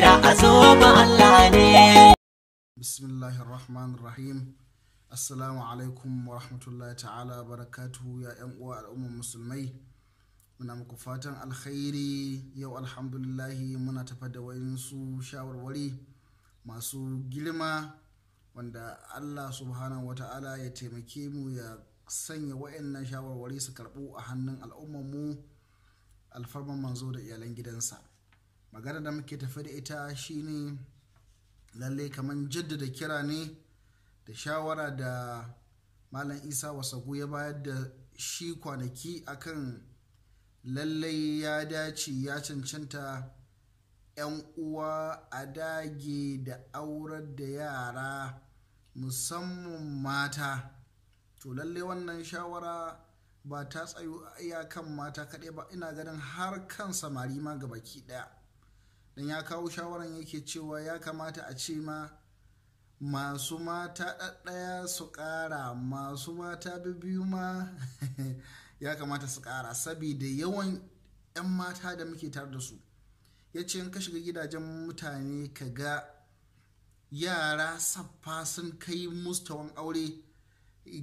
basira a ba Allah ne bismillahirrahmanirrahim assalamu alaikum wa rahmatullahi ta'ala barakatuhu ya yan uwa al'ummar musulmai muna muku fatan alkhairi yau alhamdulillahi muna tafa da wayansu shawarwari masu girma wanda allah subhanahu wa ta'ala ya taimake mu ya sanya wayannan shawarwari su karɓu a hannun al'ummar mu alfarman manzo da iyalan gidansa magana da muke tafi da ita shine lalle kamar jaddada kira ne da shawara da malam isa wasagu ya bayar da shi kwanaki akan lallai ya dace ya cancanta 'yan uwa a dage da aurar da yara musamman mata to lallai wannan shawara ba ta tsayo iyakan mata kaɗai ba ina ganin har kan samari ma ga baki ɗaya don ya kawo shawaran yake cewa ya kamata a ce ma masu mata ɗaɗɗaya su ƙara masu mata biyu ma ya kamata su ƙara saboda yawan 'yan mata da muke tare da su ya ce in ka shiga gidajen mutane ka ga yara saffa sun kai mustawan aure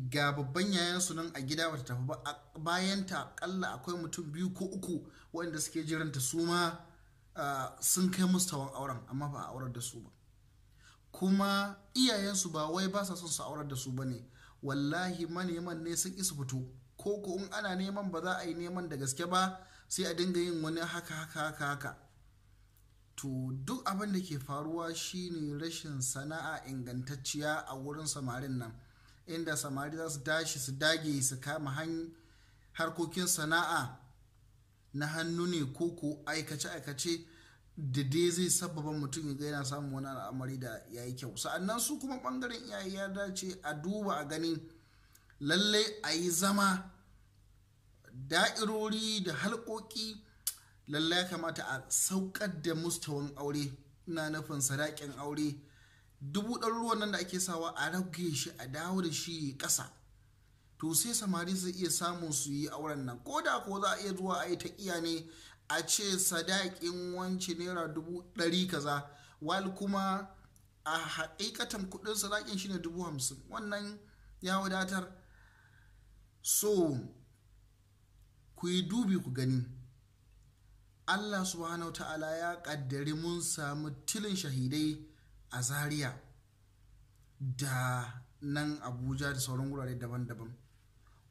ga babban yayansu nan a gida bata tafi ba bayanta akalla akwai mutum biyu ko uku waɗanda suke jiranta su ma Eh, sun kai musu tawon auren amma ba a aurar da su ba kuma iyayensu ba wai ba sa son su aurar da su ba ne wallahi maneman ne sun isa fito ko ko in ana neman ba za a yi neman da gaske ba sai a dinga yin wani haka haka haka haka to duk abin da ke faruwa shine rashin sana'a ingantacciya a wurin samarin nan inda samari za su dashi su dage su kama harkokin sana'a na hannu ne ko ko aikace-aikace da dai zai sababa mutum ga yana samun wani al'amari da ya yi kyau sa'annan su kuma ɓangaren iyaye ya dace a duba a ganin lallai a yi zama da'irori da halƙoƙi lallai ya kamata a saukar da mustawan aure na nufin sadakin aure dubu ɗaruruwan nan da ake sawa a rage shi a dawo da shi ƙasa to sai samari zai iya samun su yi auren nan ko da ko za a iya zuwa a yi ta iya ne a ce sadakin wanci naira dubu ɗari kaza wal kuma a haƙiƙatan kuɗin sadakin shine dubu hamsin wannan ya wadatar so ku yi dubi ku gani allah subhanahu ta'ala ya ƙaddari mun samu tilin shahidai a zaria da nan abuja da sauran wurare daban-daban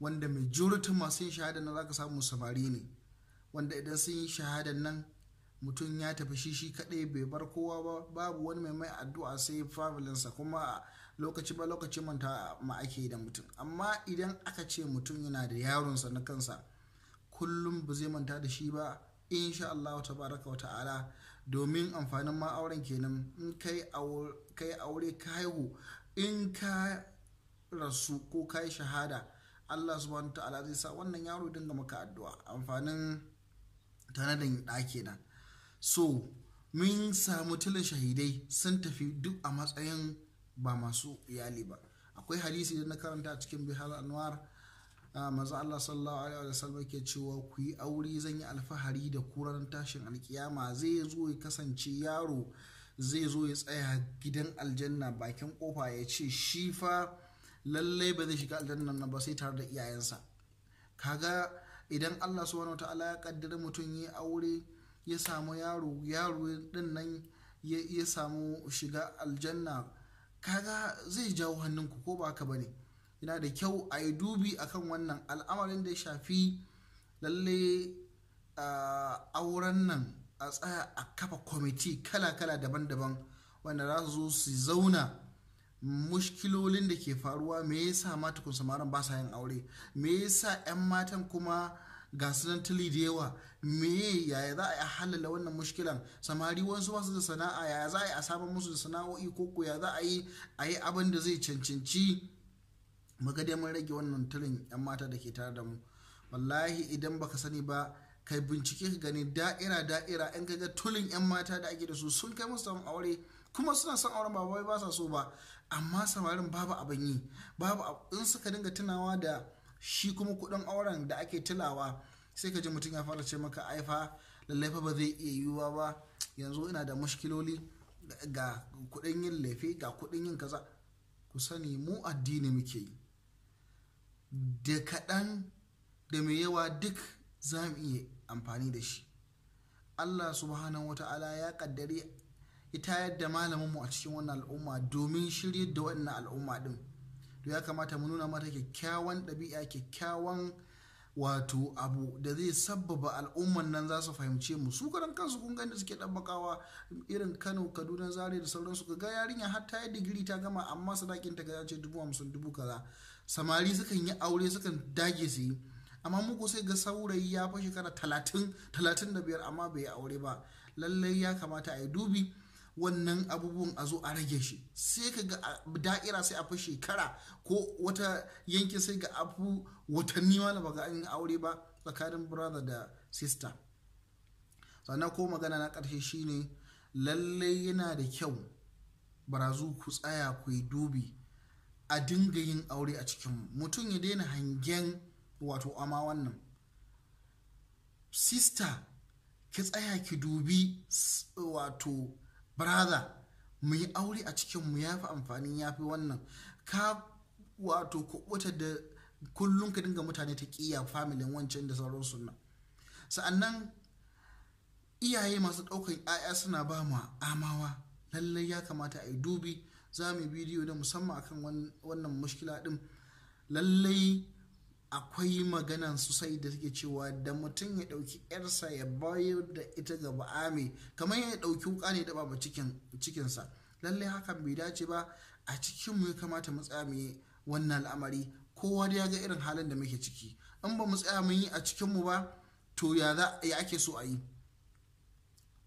wanda majority masu yin shahada nan zaka samu samari ne wanda idan sun yi shahada nan mutum ya tafi shi shi kadai bai bar kowa ba babu wani mai mai addu'a sai familinsa kuma lokaci ba lokaci manta ma ake da mutum amma idan aka ce mutum yana da yaronsa na kansa kullum ba zai manta da shi ba insha Allah tabaraka wa ta'ala domin amfanin ma auren kenan in kai aure ka haihu in ka rasu ko ka yi shahada Allah subhanahu ta'ala zai sa wannan yaro dinga maka addu'a amfanin tanadin ɗaki nan so mun samu tilin shahidai sun tafi duk a matsayin ba masu iyali ba akwai hadisi da na karanta a cikin bihar anwar maza Allah sallallahu alaihi wa sallam ke cewa ku yi aure zan yi alfahari da kuran tashin alkiyama zai zo ya kasance yaro zai zo ya tsaya gidan aljanna bakin kofa ya ce shi fa lallai ba zai shiga aljannan nan ba sai tare da iyayensa kaga idan Allah subhanahu ta'ala ya kaddara mutum ya aure ya samu yaro yaro din nan ya samu shiga aljanna kaga zai jawo hannunku ko ba haka bane yana da kyau a yi dubi akan wannan al'amarin da ya shafi lalle auren nan a tsaya a kafa kwamiti kala-kala daban-daban wanda za su zo su zauna mushkilolin da ke faruwa me yasa ma tukun samarin ba sa yin aure me yasa 'yan matan kuma ga sunan tuli da yawa me yaya za a yi halala wannan mushkilan samari wasu ba da sana'a yaya za a yi a samar musu da sana'o'i ko ya za a yi a yi abin da zai cancanci muga dai mun rage wannan tulin 'yan mata da ke tare da mu wallahi idan baka sani ba kai bincike ka gani da'ira da'ira in ga tulin yan mata da ake da su sun kai musu samun aure kuma suna son auren ba wai ba sa so ba amma samarin babu abin yi babu in suka dinga tunawa da shi kuma kudin auren da ake tilawa sai ka ji mutum ya fara ce maka aifa lallai fa ba zai iya yiwuwa ba yanzu ina da mushkiloli ga kudin yin laifi ga kudin yin kaza ku sani mu addini muke yi da kaɗan da mai yawa duk za mu iya amfani da shi allah subhanahu wa ta'ala ya kaddare ita yadda malaminmu a cikin wannan al'umma domin shirye da wannan al'umma din to ya kamata mu nuna mata kyakkyawan ɗabi'a kyakkyawan wato abu da zai sabbaba al'umman nan za su fahimce mu su karan kansu kun gani suke ɗabbakawa irin kano kaduna zare da sauransu ga yarinya har ta yi digiri ta gama amma sadakin ta ga ce dubu hamsin dubu kaza samari sukan yi aure sukan dage su yi amma muku sai ga saurayi ya fa shekara talatin talatin da biyar amma bai aure ba lallai ya kamata a yi dubi wannan abubuwan a zo a rage shi sai ka ga da'ira sai a fa shekara ko wata yankin sai ga abu watanni ma ba ga an aure ba tsakanin brother da sister sannan ko magana na ƙarshe shine lallai yana da kyau barazu ku tsaya ku yi dubi a dinga yin aure a cikin mutum ya daina hangen wato ama wannan sista ki tsaya ki dubi wato brother mu yi aure a cikin mu yafi amfani yafi wannan ka wato kubuta da kullum ka dinga mutane ta kiya familin wancan da sauran sunna sa'annan iyaye masu ɗaukan 'ya'ya suna ba mu amawa lallai ya kamata a yi dubi za mu yi bidiyo da musamman akan wannan mushkila ɗin lallai akwai maganan su da take cewa da mutum ya ɗauki yarsa ya bayar da ita ga ba'ame kamar ya ɗauki wuka ne da ba cikinsa lallai haka bai dace ba a cikin mu ya kamata mu tsaya mu yi wannan al'amari kowa da ya ga irin halin da muke ciki in ba mu tsaya mun yi a cikin mu ba to ya za ya ake so a yi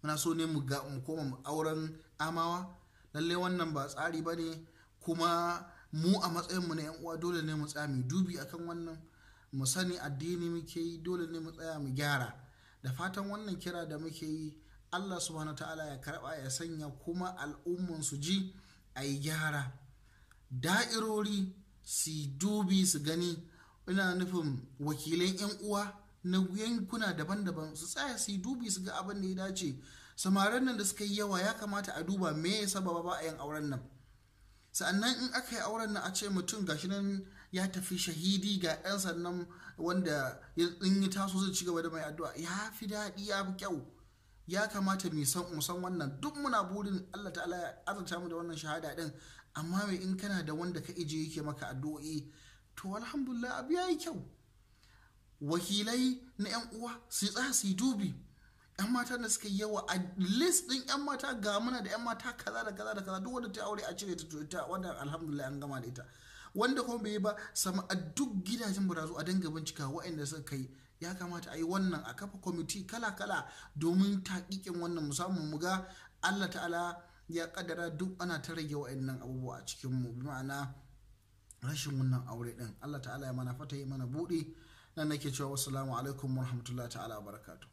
muna so ne mu ga mu koma mu auren amawa lallai wannan ba tsari ba ne kuma mu a matsayin mu na 'yan uwa dole ne mu tsami dubi akan wannan mu sani addini muke yi dole ne mu tsaya mu gyara da fatan wannan kira da muke yi allah subhanahu ta'ala ya karba ya sanya kuma al'umman su ji a yi gyara da'irori su dubi su gani ina nufin wakilan 'yan uwa na yankuna daban-daban su tsaya su dubi su ga abin da ya dace samarin nan da suka yi yawa ya kamata a duba me ya sababa ba a yin auren nan sa'annan in aka yi auren nan a ce mutum gashi nan ya tafi shahidi ga 'yan sannan wanda in yi taso zai ci gaba da mai addu'a ya fi daɗi ya fi kyau ya kamata mu san musan wannan duk muna burin Allah ta'ala ya azurta mu da wannan shahada din amma mai in kana da wanda ka ije yake maka addu'o'i to alhamdulillah abu yayi kyau wakilai na 'yan uwa su tsaya su dubi 'yan mata da suka yawa a list ɗin 'yan mata ga muna da 'yan mata kaza da kaza da kaza duk wanda ta aure a cire ta ita wannan alhamdulillah an gama da ita wanda kuma bai yi ba sama a duk gidajen barazu a dinga bincika wa'anda suka kai ya kamata a yi wannan a kafa kwamiti kala-kala domin taƙiƙin wannan musamman muga allah ta'ala ya kaddara duk ana ta rage wa'annan abubuwa a cikin mu bi ma'ana rashin wannan aure din allah ta'ala ya mana fata yi mana buɗe nan nake cewa wasu alaikum warahmatullahi ta'ala barakatu